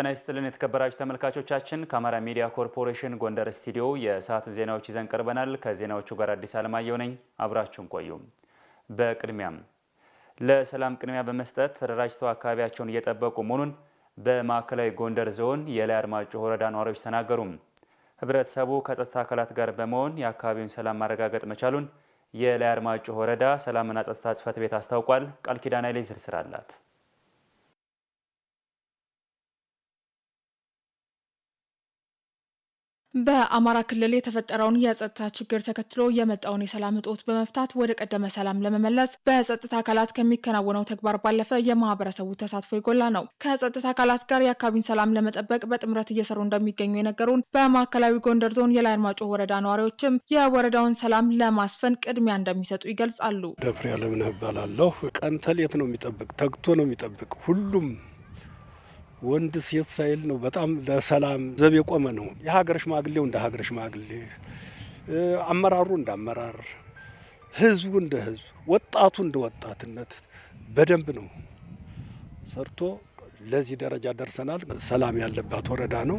ጤና ይስጥልን የተከበራችሁ ተመልካቾቻችን፣ ከአማራ ሚዲያ ኮርፖሬሽን ጎንደር ስቱዲዮ የሰዓቱን ዜናዎች ይዘን ቀርበናል። ከዜናዎቹ ጋር አዲስ አለማየሁ ነኝ፣ አብራችሁን ቆዩ። በቅድሚያም ለሰላም ቅድሚያ በመስጠት ተደራጅተው አካባቢያቸውን እየጠበቁ መሆኑን በማዕከላዊ ጎንደር ዞን የላይ አርማጭሆ ወረዳ ነዋሪዎች ተናገሩ። ህብረተሰቡ ከጸጥታ አካላት ጋር በመሆን የአካባቢውን ሰላም ማረጋገጥ መቻሉን የላይ አርማጭሆ ወረዳ ሰላምና ጸጥታ ጽሕፈት ቤት አስታውቋል። ቃል ኪዳና ላይ ዝርዝር አላት። በአማራ ክልል የተፈጠረውን የጸጥታ ችግር ተከትሎ የመጣውን የሰላም እጦት በመፍታት ወደ ቀደመ ሰላም ለመመለስ በጸጥታ አካላት ከሚከናወነው ተግባር ባለፈ የማህበረሰቡ ተሳትፎ የጎላ ነው። ከጸጥታ አካላት ጋር የአካባቢን ሰላም ለመጠበቅ በጥምረት እየሰሩ እንደሚገኙ የነገሩን በማዕከላዊ ጎንደር ዞን የላይ አርማጮ ወረዳ ነዋሪዎችም የወረዳውን ሰላም ለማስፈን ቅድሚያ እንደሚሰጡ ይገልጻሉ። ደፍሬ አለምነህ እባላለሁ። ቀን ተሌት ነው የሚጠብቅ፣ ተግቶ ነው የሚጠብቅ ሁሉም ወንድ ሴት ሳይል ነው። በጣም ለሰላም ዘብ የቆመ ነው። የሀገር ሽማግሌው እንደ ሀገር ሽማግሌ፣ አመራሩ እንደ አመራር፣ ህዝቡ እንደ ህዝብ፣ ወጣቱ እንደ ወጣትነት በደንብ ነው ሰርቶ ለዚህ ደረጃ ደርሰናል። ሰላም ያለባት ወረዳ ነው።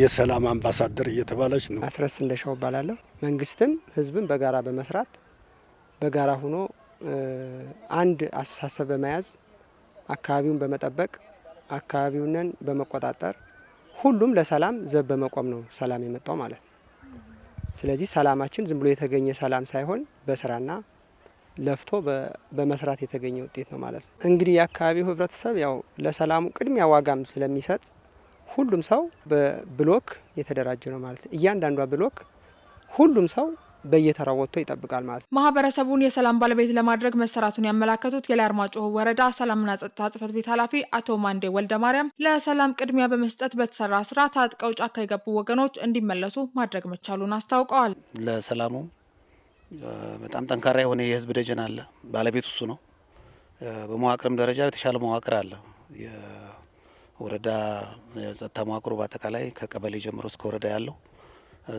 የሰላም አምባሳደር እየተባለች ነው። አስረስ እንደሻው እባላለሁ። መንግስትም ህዝብን በጋራ በመስራት በጋራ ሆኖ አንድ አስተሳሰብ በመያዝ አካባቢውን በመጠበቅ አካባቢውነን በመቆጣጠር ሁሉም ለሰላም ዘብ በመቆም ነው ሰላም የመጣው ማለት ነው። ስለዚህ ሰላማችን ዝም ብሎ የተገኘ ሰላም ሳይሆን በስራና ለፍቶ በመስራት የተገኘ ውጤት ነው ማለት ነው። እንግዲህ የአካባቢው ህብረተሰብ ያው ለሰላሙ ቅድሚያ ዋጋም ስለሚሰጥ ሁሉም ሰው በብሎክ የተደራጀ ነው ማለት ነው። እያንዳንዷ ብሎክ ሁሉም ሰው በየተራ ወጥቶ ይጠብቃል ማለት ነው። ማህበረሰቡን የሰላም ባለቤት ለማድረግ መሰራቱን ያመላከቱት የላይ አርማጭሆ ወረዳ ሰላምና ጸጥታ ጽፈት ቤት ኃላፊ አቶ ማንዴ ወልደ ማርያም ለሰላም ቅድሚያ በመስጠት በተሰራ ስራ ታጥቀው ጫካ የገቡ ወገኖች እንዲመለሱ ማድረግ መቻሉን አስታውቀዋል። ለሰላሙ በጣም ጠንካራ የሆነ የህዝብ ደጀን አለ። ባለቤት እሱ ነው። በመዋቅርም ደረጃ የተሻለ መዋቅር አለ። የወረዳ ጸጥታ መዋቅሩ በአጠቃላይ ከቀበሌ ጀምሮ እስከ ወረዳ ያለው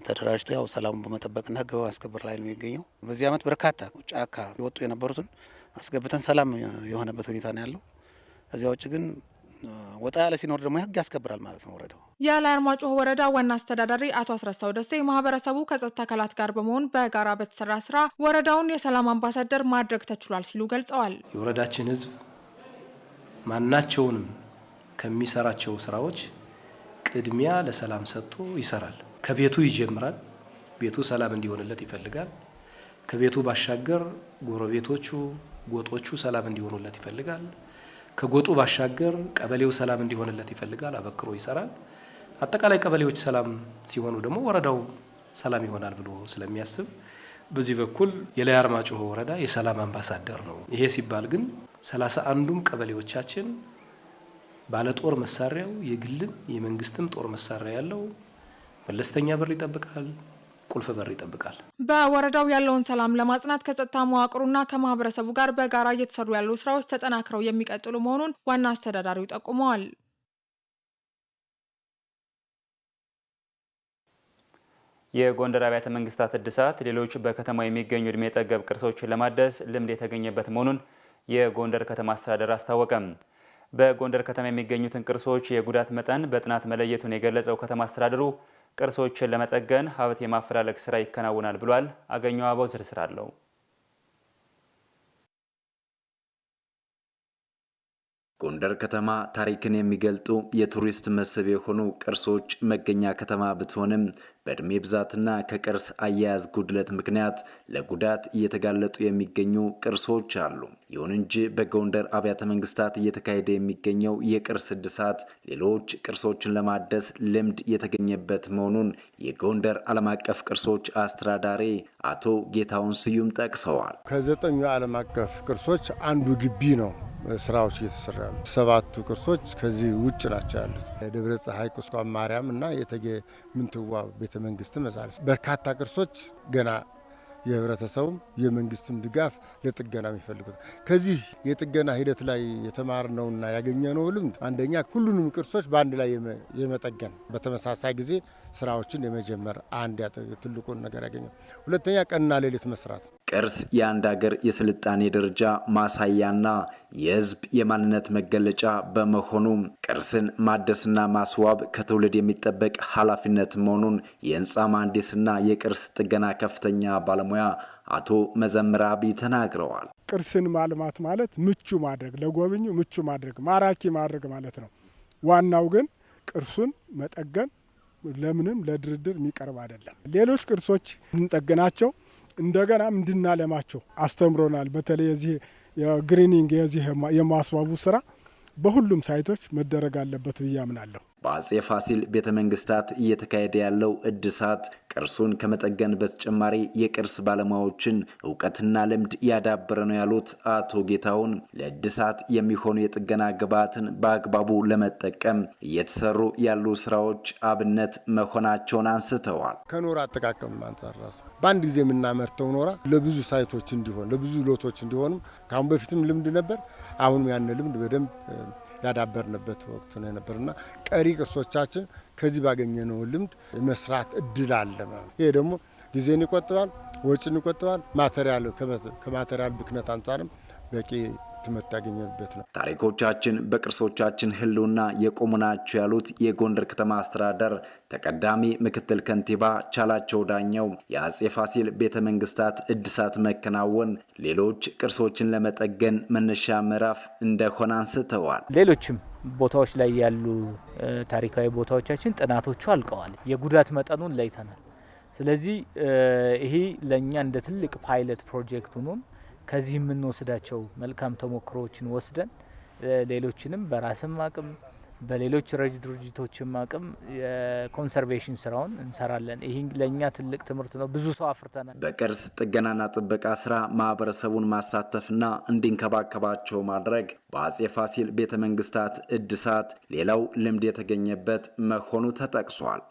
ተደራጅቶ ያው ሰላሙን በመጠበቅና ህግ በማስከበር ላይ ነው የሚገኘው። በዚህ ዓመት በርካታ ጫካ የወጡ የነበሩትን አስገብተን ሰላም የሆነበት ሁኔታ ነው ያለው። እዚያ ውጭ ግን ወጣ ያለ ሲኖር ደግሞ ህግ ያስከብራል ማለት ነው ወረዳው። ያለ አርማጭሆ ወረዳ ዋና አስተዳዳሪ አቶ አስረሳው ደሴ ማህበረሰቡ ከጸጥታ አካላት ጋር በመሆን በጋራ በተሰራ ስራ ወረዳውን የሰላም አምባሳደር ማድረግ ተችሏል ሲሉ ገልጸዋል። የወረዳችን ህዝብ ማናቸውንም ከሚሰራቸው ስራዎች ቅድሚያ ለሰላም ሰጥቶ ይሰራል። ከቤቱ ይጀምራል። ቤቱ ሰላም እንዲሆንለት ይፈልጋል። ከቤቱ ባሻገር ጎረቤቶቹ፣ ጎጦቹ ሰላም እንዲሆኑለት ይፈልጋል። ከጎጡ ባሻገር ቀበሌው ሰላም እንዲሆንለት ይፈልጋል። አበክሮ ይሰራል። አጠቃላይ ቀበሌዎች ሰላም ሲሆኑ ደግሞ ወረዳው ሰላም ይሆናል ብሎ ስለሚያስብ በዚህ በኩል የላይ አርማጭሆ ወረዳ የሰላም አምባሳደር ነው። ይሄ ሲባል ግን ሰላሳ አንዱም ቀበሌዎቻችን ባለጦር መሳሪያው የግልም የመንግስትም ጦር መሳሪያ ያለው መለስተኛ በር ይጠብቃል፣ ቁልፍ በር ይጠብቃል። በወረዳው ያለውን ሰላም ለማጽናት ከጸጥታ መዋቅሩና ከማህበረሰቡ ጋር በጋራ እየተሰሩ ያሉ ስራዎች ተጠናክረው የሚቀጥሉ መሆኑን ዋና አስተዳዳሪው ጠቁመዋል። የጎንደር አብያተ መንግስታት እድሳት ሌሎች በከተማ የሚገኙ እድሜ ጠገብ ቅርሶችን ለማደስ ልምድ የተገኘበት መሆኑን የጎንደር ከተማ አስተዳደር አስታወቀም። በጎንደር ከተማ የሚገኙትን ቅርሶች የጉዳት መጠን በጥናት መለየቱን የገለጸው ከተማ አስተዳደሩ ቅርሶችን ለመጠገን ሀብት የማፈላለግ ስራ ይከናወናል ብሏል። አገኘው አበው ዝርዝር አለው። ጎንደር ከተማ ታሪክን የሚገልጡ የቱሪስት መስህብ የሆኑ ቅርሶች መገኛ ከተማ ብትሆንም በእድሜ ብዛትና ከቅርስ አያያዝ ጉድለት ምክንያት ለጉዳት እየተጋለጡ የሚገኙ ቅርሶች አሉ። ይሁን እንጂ በጎንደር አብያተ መንግስታት እየተካሄደ የሚገኘው የቅርስ እድሳት ሌሎች ቅርሶችን ለማደስ ልምድ የተገኘበት መሆኑን የጎንደር ዓለም አቀፍ ቅርሶች አስተዳዳሪ አቶ ጌታውን ስዩም ጠቅሰዋል። ከዘጠኙ ዓለም አቀፍ ቅርሶች አንዱ ግቢ ነው። ስራዎች እየተሰራ ነው። ሰባቱ ቅርሶች ከዚህ ውጭ ናቸው ያሉት ደብረ ፀሐይ ቁስቋም ማርያም እና የተጌ ምንትዋ ቤተ መንግስት መሳለስ በርካታ ቅርሶች ገና የህብረተሰቡም የመንግስትም ድጋፍ ለጥገና የሚፈልጉት ከዚህ የጥገና ሂደት ላይ የተማርነውና ያገኘነው ልምድ አንደኛ ሁሉንም ቅርሶች በአንድ ላይ የመጠገን በተመሳሳይ ጊዜ ስራዎችን የመጀመር አንድ ትልቁን ነገር ያገኘ፣ ሁለተኛ ቀንና ሌሊት መስራት ቅርስ የአንድ ሀገር የስልጣኔ ደረጃ ማሳያና የህዝብ የማንነት መገለጫ በመሆኑ ቅርስን ማደስና ማስዋብ ከትውልድ የሚጠበቅ ኃላፊነት መሆኑን የህንፃ መሐንዲስና የቅርስ ጥገና ከፍተኛ ባለሙያ አቶ መዘምር አብይ ተናግረዋል። ቅርስን ማልማት ማለት ምቹ ማድረግ፣ ለጎብኙ ምቹ ማድረግ፣ ማራኪ ማድረግ ማለት ነው። ዋናው ግን ቅርሱን መጠገን ለምንም ለድርድር የሚቀርብ አይደለም። ሌሎች ቅርሶች እንጠግናቸው እንደገናም እንድናለማቸው አስተምሮናል። በተለይ የዚህ የግሪኒንግ የዚህ የማስዋቡ ስራ በሁሉም ሳይቶች መደረግ አለበት ብዬ አምናለሁ። በአጼ ፋሲል ቤተ መንግስታት እየተካሄደ ያለው እድሳት ቅርሱን ከመጠገን በተጨማሪ የቅርስ ባለሙያዎችን እውቀትና ልምድ ያዳበረ ነው ያሉት አቶ ጌታሁን ለእድሳት የሚሆኑ የጥገና ግብዓትን በአግባቡ ለመጠቀም እየተሰሩ ያሉ ስራዎች አብነት መሆናቸውን አንስተዋል። ከኖራ አጠቃቀም አንጻር ራሱ በአንድ ጊዜ የምናመርተው ኖራ ለብዙ ሳይቶች እንዲሆን ለብዙ ሎቶች እንዲሆንም ከአሁን በፊትም ልምድ ነበር። አሁንም ያን ልምድ በደንብ ያዳበርንበት ወቅት ነው የነበርና ቀሪ ቅርሶቻችን ከዚህ ባገኘነው ልምድ መስራት እድል አለ ይሄ ደግሞ ጊዜን ይቆጥባል፣ ወጪን ይቆጥባል። ማቴሪያል ከማቴሪያል ብክነት አንጻርም በቂ ትምህርት ያገኘበት ነው። ታሪኮቻችን በቅርሶቻችን ህልውና የቆሙ ናቸው ያሉት የጎንደር ከተማ አስተዳደር ተቀዳሚ ምክትል ከንቲባ ቻላቸው ዳኘው የአጼ ፋሲል ቤተ መንግስታት እድሳት መከናወን ሌሎች ቅርሶችን ለመጠገን መነሻ ምዕራፍ እንደሆነ አንስተዋል። ሌሎችም ቦታዎች ላይ ያሉ ታሪካዊ ቦታዎቻችን ጥናቶቹ አልቀዋል። የጉዳት መጠኑን ለይተናል። ስለዚህ ይሄ ለእኛ እንደ ትልቅ ፓይለት ፕሮጀክት ሆኖን ከዚህ የምንወስዳቸው መልካም ተሞክሮዎችን ወስደን ሌሎችንም በራስም አቅም በሌሎች ረጅ ድርጅቶችም አቅም የኮንሰርቬሽን ስራውን እንሰራለን። ይህ ለእኛ ትልቅ ትምህርት ነው። ብዙ ሰው አፍርተናል። በቅርስ ጥገናና ጥበቃ ስራ ማህበረሰቡን ማሳተፍና እንዲንከባከባቸው ማድረግ በአጼ ፋሲል ቤተ መንግስታት እድሳት ሌላው ልምድ የተገኘበት መሆኑ ተጠቅሷል።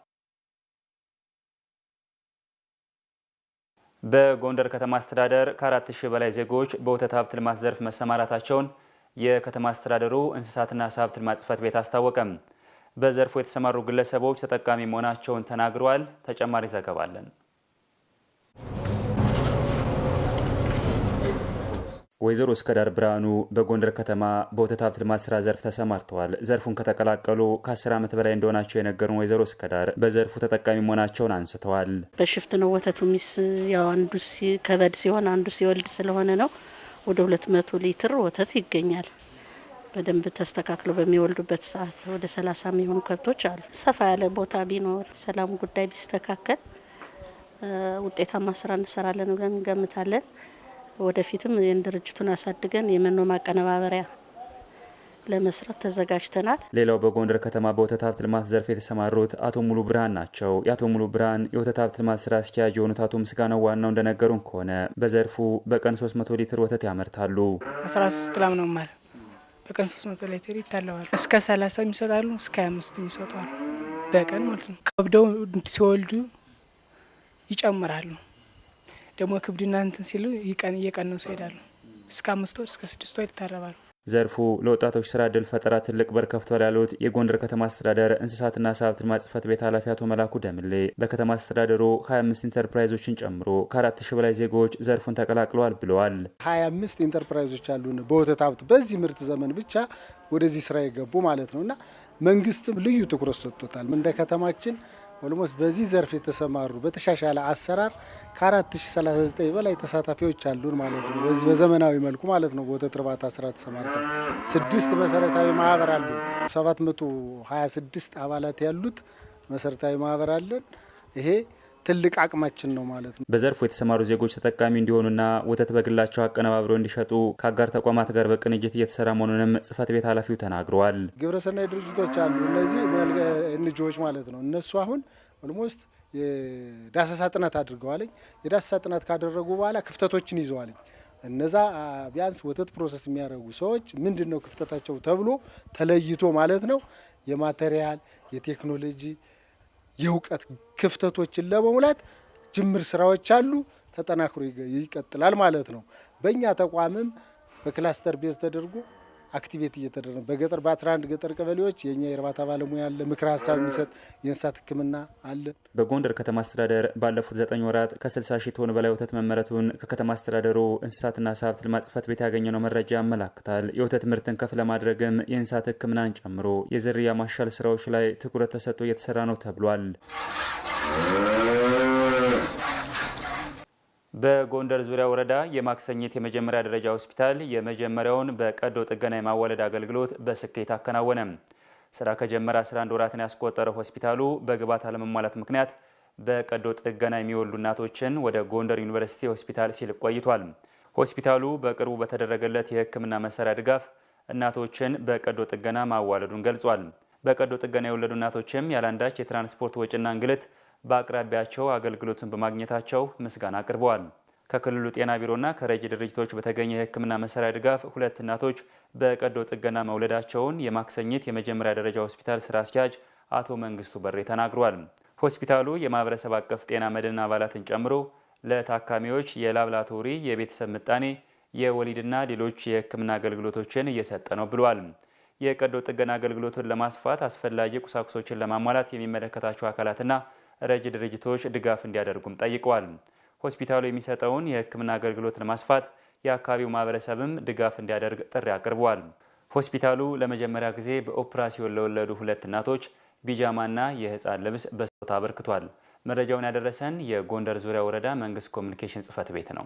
በጎንደር ከተማ አስተዳደር ከአራት 4000 በላይ ዜጎች በወተት ሀብት ልማት ዘርፍ መሰማራታቸውን የከተማ አስተዳደሩ እንስሳትና ዓሳ ሀብት ልማት ጽሕፈት ቤት አስታወቀም። በዘርፉ የተሰማሩ ግለሰቦች ተጠቃሚ መሆናቸውን ተናግረዋል። ተጨማሪ ዘገባለን። ወይዘሮ እስከዳር ብርሃኑ በጎንደር ከተማ በወተት ሀብት ልማት ስራ ዘርፍ ተሰማርተዋል። ዘርፉን ከተቀላቀሉ ከአስር ዓመት በላይ እንደሆናቸው የነገሩን ወይዘሮ እስከዳር በዘርፉ ተጠቃሚ መሆናቸውን አንስተዋል። በሽፍት ነው ወተቱ ሚስ ያው አንዱ ከበድ ሲሆን አንዱ ሲወልድ ስለሆነ ነው። ወደ ሁለት መቶ ሊትር ወተት ይገኛል። በደንብ ተስተካክለው በሚወልዱበት ሰዓት ወደ ሰላሳ የሚሆኑ ከብቶች አሉ። ሰፋ ያለ ቦታ ቢኖር ሰላም ጉዳይ ቢስተካከል ውጤታማ ስራ እንሰራለን ብለን እንገምታለን። ወደፊትም ይህን ድርጅቱን አሳድገን የመኖ ማቀነባበሪያ ለመስራት ተዘጋጅተናል። ሌላው በጎንደር ከተማ በወተት ሀብት ልማት ዘርፍ የተሰማሩት አቶ ሙሉ ብርሃን ናቸው። የአቶ ሙሉ ብርሃን የወተት ሀብት ልማት ስራ አስኪያጅ የሆኑት አቶ ምስጋናው ዋናው እንደነገሩን ከሆነ በዘርፉ በቀን 300 ሊትር ወተት ያመርታሉ። 13 ላም ነው ማል በቀን 300 ሊትር ይታለዋል። እስከ 30 ይሰጣሉ፣ እስከ 25 ይሰጣሉ በቀን ማለት ነው። ከብደው ሲወልዱ ይጨምራሉ። ደግሞ ክብድና እንትን ሲሉ እየቀነሱ ይሄዳሉ። እስከ አምስት ወር እስከ ስድስት ወር ይታረባሉ። ዘርፉ ለወጣቶች ስራ እድል ፈጠራ ትልቅ በር ከፍቷል ያሉት የጎንደር ከተማ አስተዳደር እንስሳትና ዓሳ ሀብት ልማት ቤት ኃላፊ አቶ መላኩ ደምሌ በከተማ አስተዳደሩ 25 ኢንተርፕራይዞችን ጨምሮ ከ4000 በላይ ዜጎች ዘርፉን ተቀላቅለዋል ብለዋል። 25 ኢንተርፕራይዞች አሉን በወተት ሀብት በዚህ ምርት ዘመን ብቻ ወደዚህ ስራ የገቡ ማለት ነው እና መንግስትም ልዩ ትኩረት ሰጥቶታል እንደ ከተማችን ኦልሞስት በዚህ ዘርፍ የተሰማሩ በተሻሻለ አሰራር ከ4039 በላይ ተሳታፊዎች አሉን ማለት ነው። በዚህ በዘመናዊ መልኩ ማለት ነው። በወተት እርባታ ስራ ተሰማርተው ስድስት መሰረታዊ ማህበር አሉ። 726 አባላት ያሉት መሰረታዊ ማህበር አለን ይሄ ትልቅ አቅማችን ነው ማለት ነው። በዘርፉ የተሰማሩ ዜጎች ተጠቃሚ እንዲሆኑና ወተት በግላቸው አቀነባብረው እንዲሸጡ ከአጋር ተቋማት ጋር በቅንጅት እየተሰራ መሆኑንም ጽህፈት ቤት ኃላፊው ተናግረዋል። ግብረሰናይ ድርጅቶች አሉ። እነዚህ እንጆዎች ማለት ነው። እነሱ አሁን ኦልሞስት የዳሰሳ ጥናት አድርገዋለኝ። የዳሰሳ ጥናት ካደረጉ በኋላ ክፍተቶችን ይዘዋለኝ። እነዛ ቢያንስ ወተት ፕሮሰስ የሚያደርጉ ሰዎች ምንድን ነው ክፍተታቸው ተብሎ ተለይቶ ማለት ነው የማቴሪያል የቴክኖሎጂ የእውቀት ክፍተቶችን ለመሙላት ጅምር ስራዎች አሉ። ተጠናክሮ ይቀጥላል ማለት ነው። በእኛ ተቋምም በክላስተር ቤዝ ተደርጎ አክቲቬት እየተደረገ በገጠር በ11 ገጠር ቀበሌዎች የኛ የእርባታ ባለሙያ አለ፣ ምክር ሀሳብ የሚሰጥ የእንስሳት ሕክምና አለ። በጎንደር ከተማ አስተዳደር ባለፉት ዘጠኝ ወራት ከ60 ሺህ ቶን በላይ ወተት መመረቱን ከከተማ አስተዳደሩ እንስሳትና ዓሳ ሀብት ልማት ጽሕፈት ቤት ያገኘነው መረጃ ያመላክታል። የወተት ምርትን ከፍ ለማድረግም የእንስሳት ሕክምናን ጨምሮ የዝርያ ማሻል ስራዎች ላይ ትኩረት ተሰጥቶ እየተሰራ ነው ተብሏል። በጎንደር ዙሪያ ወረዳ የማክሰኝት የመጀመሪያ ደረጃ ሆስፒታል የመጀመሪያውን በቀዶ ጥገና የማዋለድ አገልግሎት በስኬት አከናወነ። ስራ ከጀመረ 11 ወራትን ያስቆጠረው ሆስፒታሉ በግብዓት አለመሟላት ምክንያት በቀዶ ጥገና የሚወልዱ እናቶችን ወደ ጎንደር ዩኒቨርሲቲ ሆስፒታል ሲልክ ቆይቷል። ሆስፒታሉ በቅርቡ በተደረገለት የሕክምና መሳሪያ ድጋፍ እናቶችን በቀዶ ጥገና ማዋለዱን ገልጿል። በቀዶ ጥገና የወለዱ እናቶችም ያለአንዳች የትራንስፖርት ወጪና እንግልት በአቅራቢያቸው አገልግሎቱን በማግኘታቸው ምስጋና አቅርበዋል። ከክልሉ ጤና ቢሮና ከረጅ ድርጅቶች በተገኘ የሕክምና መሳሪያ ድጋፍ ሁለት እናቶች በቀዶ ጥገና መውለዳቸውን የማክሰኝት የመጀመሪያ ደረጃ ሆስፒታል ስራ አስኪያጅ አቶ መንግስቱ በሬ ተናግሯል። ሆስፒታሉ የማህበረሰብ አቀፍ ጤና መድን አባላትን ጨምሮ ለታካሚዎች የላብራቶሪ፣ የቤተሰብ ምጣኔ፣ የወሊድና ሌሎች የህክምና አገልግሎቶችን እየሰጠ ነው ብሏል። የቀዶ ጥገና አገልግሎቱን ለማስፋት አስፈላጊ ቁሳቁሶችን ለማሟላት የሚመለከታቸው አካላትና ረጅ ድርጅቶች ድጋፍ እንዲያደርጉም ጠይቀዋል። ሆስፒታሉ የሚሰጠውን የሕክምና አገልግሎት ለማስፋት የአካባቢው ማህበረሰብም ድጋፍ እንዲያደርግ ጥሪ አቅርበዋል። ሆስፒታሉ ለመጀመሪያ ጊዜ በኦፕራሲዮን ለወለዱ ሁለት እናቶች ቢጃማና የህፃን ልብስ በስጦታ አበርክቷል። መረጃውን ያደረሰን የጎንደር ዙሪያ ወረዳ መንግስት ኮሚኒኬሽን ጽህፈት ቤት ነው።